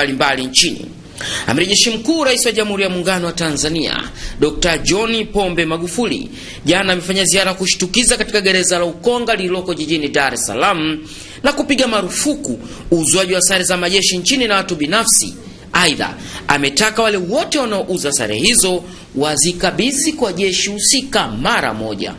mbalimbali nchini. Amiri Jeshi Mkuu Rais wa Jamhuri ya Muungano wa Tanzania Dr. John Pombe Magufuli jana amefanya ziara kushtukiza katika gereza la Ukonga lililoko jijini Dar es Salaam na kupiga marufuku uuzwaji wa sare za majeshi nchini na watu binafsi. Aidha, ametaka wale wote wanaouza sare hizo wazikabizi kwa jeshi husika mara moja.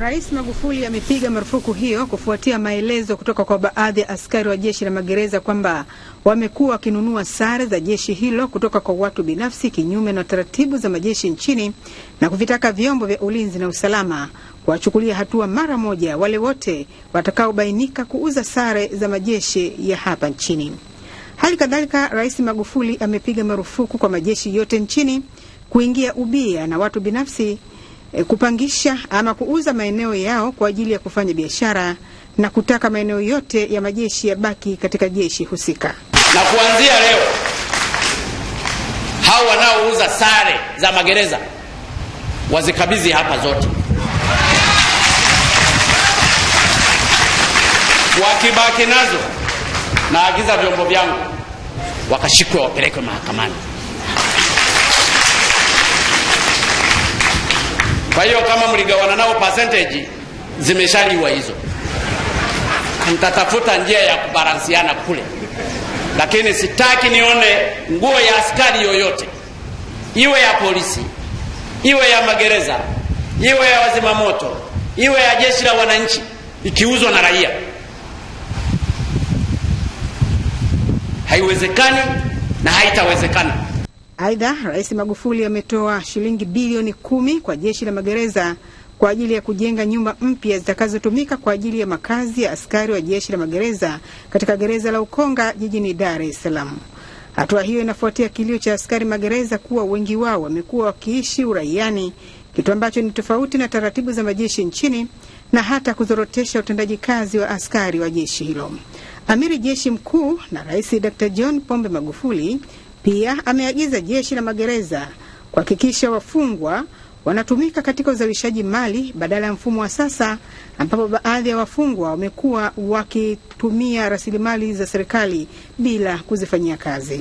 Rais Magufuli amepiga marufuku hiyo kufuatia maelezo kutoka kwa baadhi ya askari wa jeshi la magereza kwamba wamekuwa wakinunua sare za jeshi hilo kutoka kwa watu binafsi kinyume na taratibu za majeshi nchini na kuvitaka vyombo vya ulinzi na usalama kuwachukulia hatua mara moja wale wote watakaobainika kuuza sare za majeshi ya hapa nchini. Hali kadhalika, Rais Magufuli amepiga marufuku kwa majeshi yote nchini kuingia ubia na watu binafsi e, kupangisha ama kuuza maeneo yao kwa ajili ya kufanya biashara na kutaka maeneo yote ya majeshi yabaki katika jeshi husika. Na kuanzia leo hao wanaouza sare za magereza wazikabidhi hapa zote, wakibaki nazo naagiza vyombo vyangu wakashikwe wapelekwe mahakamani. Kwa hiyo kama mligawana nao percentage zimeshaliwa hizo, mtatafuta njia ya kubalansiana kule, lakini sitaki nione nguo ya askari yoyote, iwe ya polisi, iwe ya magereza, iwe ya wazimamoto, iwe ya jeshi la wananchi, ikiuzwa na raia. Haiwezekani na haitawezekana. Aidha, Rais Magufuli ametoa shilingi bilioni kumi kwa jeshi la magereza kwa ajili ya kujenga nyumba mpya zitakazotumika kwa ajili ya makazi ya askari wa jeshi la magereza katika gereza la Ukonga jijini Dar es Salaam. Hatua hiyo inafuatia kilio cha askari magereza kuwa wengi wao wamekuwa wakiishi uraiani, kitu ambacho ni tofauti na taratibu za majeshi nchini na hata kuzorotesha utendaji kazi wa askari wa jeshi hilo. Amiri jeshi mkuu na Rais Dr. John Pombe Magufuli pia ameagiza jeshi la magereza kuhakikisha wafungwa wanatumika katika uzalishaji mali badala ya mfumo wa sasa ambapo baadhi ya wafungwa wamekuwa wakitumia rasilimali za serikali bila kuzifanyia kazi.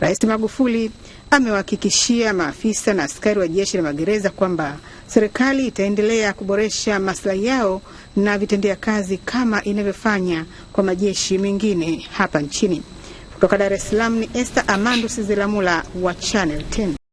Rais Magufuli amewahakikishia maafisa na askari wa jeshi la magereza kwamba serikali itaendelea kuboresha maslahi yao na vitendea kazi kama inavyofanya kwa majeshi mengine hapa nchini. Kutoka Dar es Salaam ni Esther Amandu Sizilamula wa Channel 10.